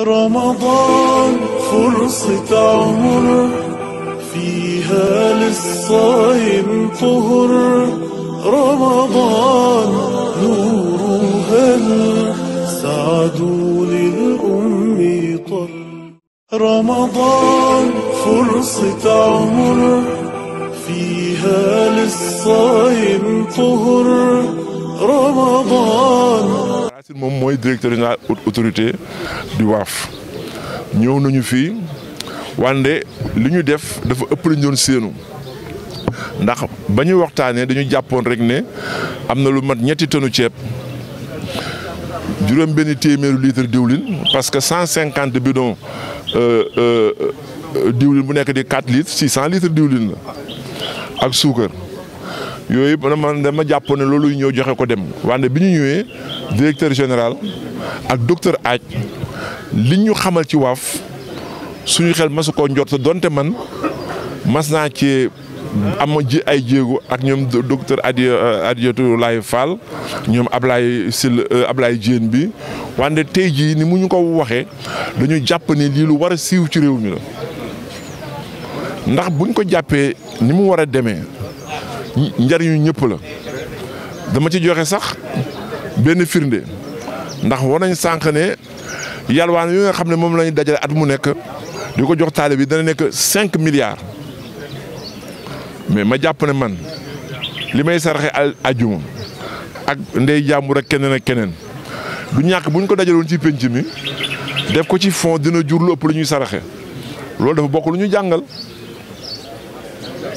رمضان فرصة عمر فيها للصائم طهر رمضان نور هل سعد للأم طر رمضان فرصة عمر فيها للصائم طهر رمضان Yassine mon le directeur de l'autorité du WAF. Nous sommes ici, Wande, ce que nous faisons, c'est qu'il nous parce que quand on parle du Japon, il y a deux tonnes de chèp. Il y a 21 litres de douline, parce que 150 bidons de douline, il y a 4 litres, 600 litres de douline. Avec sucre. yooyu yëpp man dama jàpp ne loolu ñëw joxe ko dem wante bi ñu ñëwee directeur général ak docteur Aaj li ñu xamal ci waaf suñu xel masu koo njort donte man mas naa ci am ji ay jéego ak ñoom docteur Adi euh, Adiatou Laye ñoom Ablaye Sylla euh, Ablaye Diène bi wante tey jii ni mu ñu ko waxee dañu jàpp ni lii lu war a siiw ci réew mi la ndax buñ ko jàppee ni mu war a demee. njariñu ñëpp la dama ci joxe sax benn firnde ndax war nañ sànq ne yalwaan yu nga xam ne moom lañuy dajale at mu nekk di ko jox taalibe bi dana nekk cinq milliards mais ma jàpp ne man li may saraxe ajjuma ak ndey jàmbur rek keneen ak keneen du ñàkk bu ñu ko dajaloon ci pénc mi def ko ci fond dina jur lu ëpp lu ñuy saraxe loolu dafa bokk lu ñu jàngal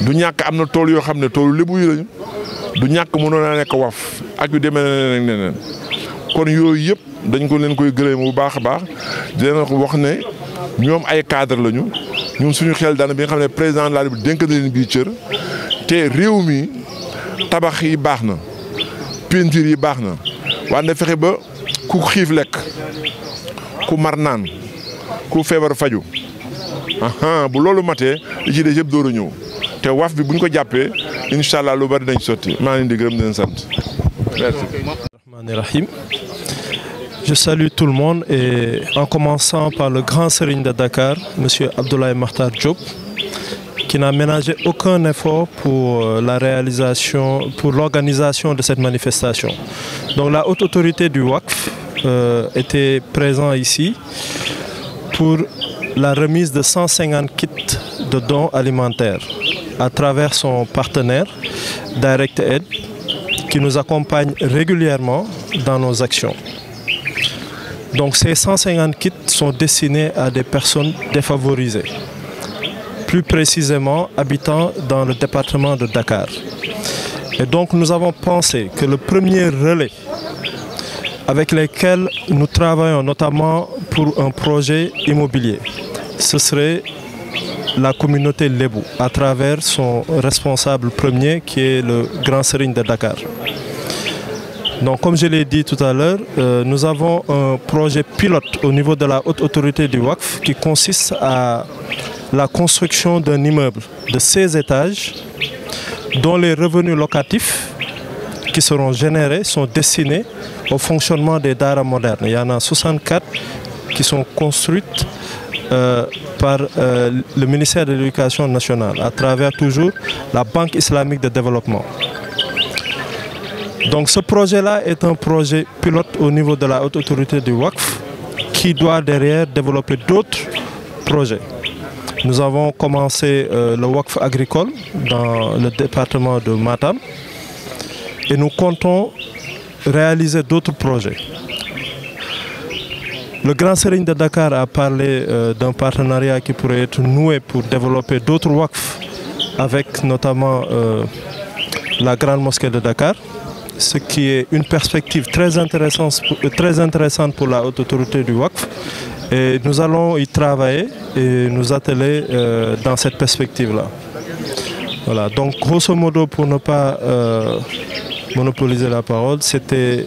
du ñàkk am na tool yoo xam ne toolu lébu yi lañu du ñàkk mënoon a nekk waf ak yu deme neneen neneen kon yooyu yëpp dañ ko leen koy gërëm bu baax a baax di leen wax ne ñoom ay cadre lañu ñun suñu xel daana bi nga xam ne président laal la République dénk leen bii cër te réew mi tabax yi baax na peinture yi baax na wante fexe ba ku xiif lekk ku mar naan ku feebar faju aha bu loolu matee li ci des yëpp door a ñëw Je salue tout le monde et en commençant par le grand sérigne de Dakar, M. Abdoulaye Mahtar Diop, qui n'a ménagé aucun effort pour euh, la réalisation, pour l'organisation de cette manifestation. Donc la haute autorité du WACF euh, était présente ici pour la remise de 150 kits de dons alimentaires à travers son partenaire Direct Aid qui nous accompagne régulièrement dans nos actions. Donc ces 150 kits sont destinés à des personnes défavorisées, plus précisément habitant dans le département de Dakar. Et donc nous avons pensé que le premier relais avec lequel nous travaillons notamment pour un projet immobilier, ce serait la communauté Lebou à travers son responsable premier qui est le Grand Serigne de Dakar. Donc comme je l'ai dit tout à l'heure, euh, nous avons un projet pilote au niveau de la haute autorité du WACF qui consiste à la construction d'un immeuble de 16 étages dont les revenus locatifs qui seront générés sont destinés au fonctionnement des daras modernes. Il y en a 64 qui sont construites euh, par euh, le ministère de l'Éducation nationale à travers toujours la Banque islamique de développement. Donc ce projet-là est un projet pilote au niveau de la haute autorité du WACF qui doit derrière développer d'autres projets. Nous avons commencé euh, le WACF agricole dans le département de Matam et nous comptons réaliser d'autres projets. Le Grand Sérigne de Dakar a parlé euh, d'un partenariat qui pourrait être noué pour développer d'autres WAKF avec notamment euh, la Grande Mosquée de Dakar, ce qui est une perspective très intéressante, pour la haute autorité du WAKF Et nous allons y travailler et nous atteler euh, dans cette perspective-là. Voilà, donc grosso modo, pour ne pas monopoliser la parole, c'était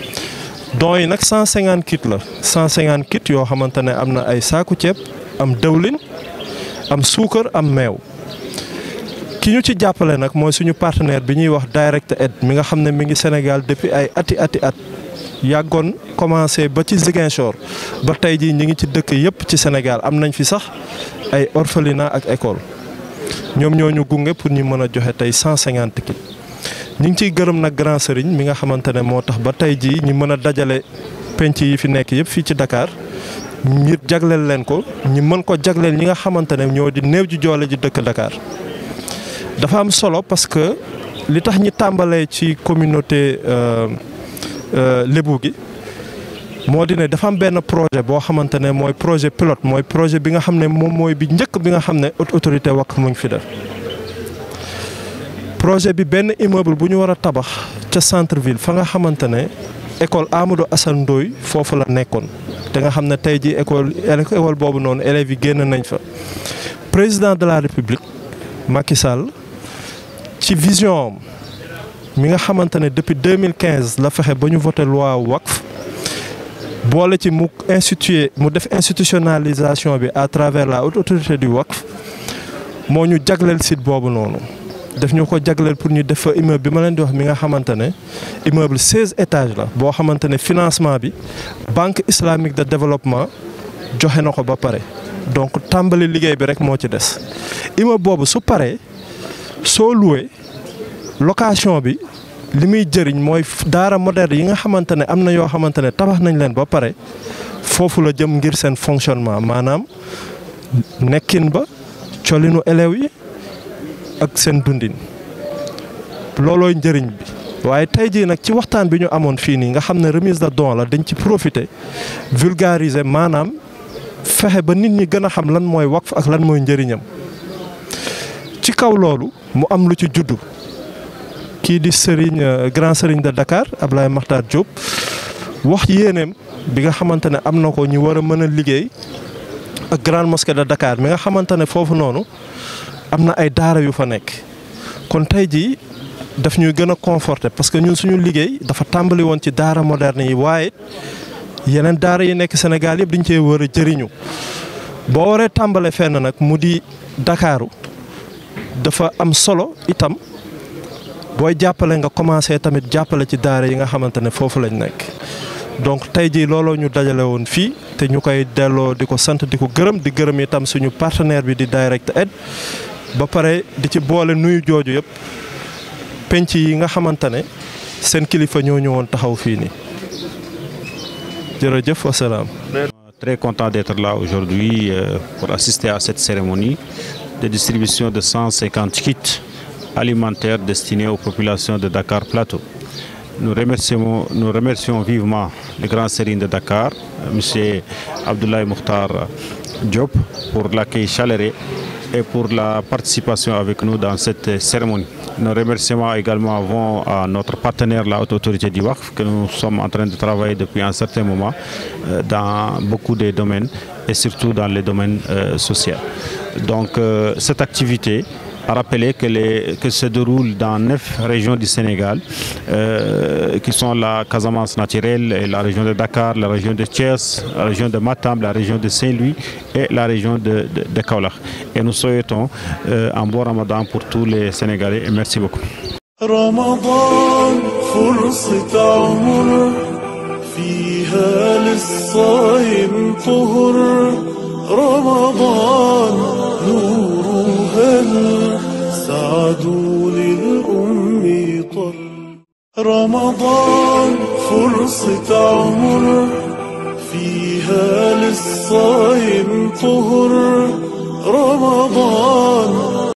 don yi nag 150 kit la 150 kit yoo xamante ne am na ay saaku ceeb am dëwlin am suukar am meew ki ñu ci jàppale nag mooy suñu partenaire bi ñuy wax Direct Aid mi nga xam ne mi ngi Sénégal depuis ay ati ati at yàggoon commencé ba ci Ziguinchor ba tey jii ñi ngi ci dëkk yëpp ci Sénégal am nañ fi sax ay orphelinat ak école ñoom ñoo ñu gunge pour ñu mën a joxe tey 150 kit. ñi ngi ciy gërëm nag grand sëriñ mi nga xamante ne moo tax ba tey jii ñu mën a penc yi fi nekk yëpp fii ci dakar ngir jagleel leen ko ñu mën ko jagleel ñi nga xamante ñoo di néew ji joole ji dëkk dakar dafa am solo parce que li tax ñu tàmbalee ci communauté euh, euh, lébu gi moo di ne dafa am benn projet boo xamante ne mooy projet pilote mooy projet bi nga xam ne moom bi njëkk bi nga xam autorité wakk mu ngi fi def projet bi benn immeuble bu ñu war a tabax ca centre ville fa nga xamante ne école Amadou Assane Ndoye foofu la nekkoon te nga xam ne tey jii école école boobu noonu élèves yi génn nañ fa. président de la république Macky Sall ci vision mi nga xamante ne depuis 2015 la fexe ba ñu voté loi WACF boole ci mu institué mu def institutionnalisation bi à travers la haute autorité du WACF moo ñu jagleel site boobu noonu. daf ñu ko jagleel pour ñu def fa immeuble bi ma leen di wax mi nga xamante ne immeuble 16 étage la boo xamante ne financement bi banque islamique de développement joxe na ko ba pare donc tàmbali liggéey bi rek moo ci des immeuble boobu su pare soo loué location bi li muy jëriñ mooy daara moderne yi nga xamante ne am na yoo xamante ne tabax nañ leen ba pare foofu la jëm ngir seen fonctionnement maanaam nekkin ba colinu élèves yi ak seen dundin loolooy njëriñ bi waaye tey jii nag ci waxtaan bi ñu amoon fii nii nga xam ne remise de don la dañ ci profité vulgariser maanaam fexe ba nit ñi gën a xam lan mooy waqf ak lan mooy njëriñam ci kaw loolu mu am lu ci juddu kii di Serigne euh, grand Serigne de Dakar Ablaye Makhtar jóob wax yéeneem bi nga xamante ne am na ko ñu war a mën a liggéey ak grande mosquée de Dakar mi nga xamante ne foofu noonu amna ay daara yu fa nekk kon tey jii daf ñuy gën a conforté parce que ñun suñu liggéey dafa tàmbali woon ci daara moderne yi waaye yeneen daara yi nekk sénégal yëpp dañ cee war jëriñu boo waree tàmbale fenn nag mu di dakaru dafa am solo itam Boy jàppale nga commencé tamit jàppale ci daara yi nga xamante ne foofu lañ nekk donc tey jii looloo ñu dajale woon fii te ñu koy delloo di ko gërëm di gërëm itam suñu partenaire bi di direct aide Très content d'être là aujourd'hui euh, pour assister à cette cérémonie de distribution de 150 kits alimentaires destinés aux populations de Dakar Plateau. Nous remercions, vivement le grand sérine de Dakar, euh, M. Abdoulaye Mouhtar Diop, pour l'accueil chaleureux et pour la participation avec nous dans cette cérémonie. Nos remerciements également vont à notre partenaire, la Haute Autorité du que nous sommes en train de travailler depuis un certain moment euh, dans beaucoup de domaines et surtout dans les domaines euh, sociaux. Donc euh, cette activité rappeler que, se déroule dans neuf régions du Sénégal, euh, qui sont la Casamance naturelle, la région de Dakar, la région de Thiès, la région de Matam, la région de Saint-Louis et la région de, de, Et nous souhaitons euh, un bon ramadan pour tous les Sénégalais et merci beaucoup. رمضان فرصة عمر فيها للصائم طهر رمضان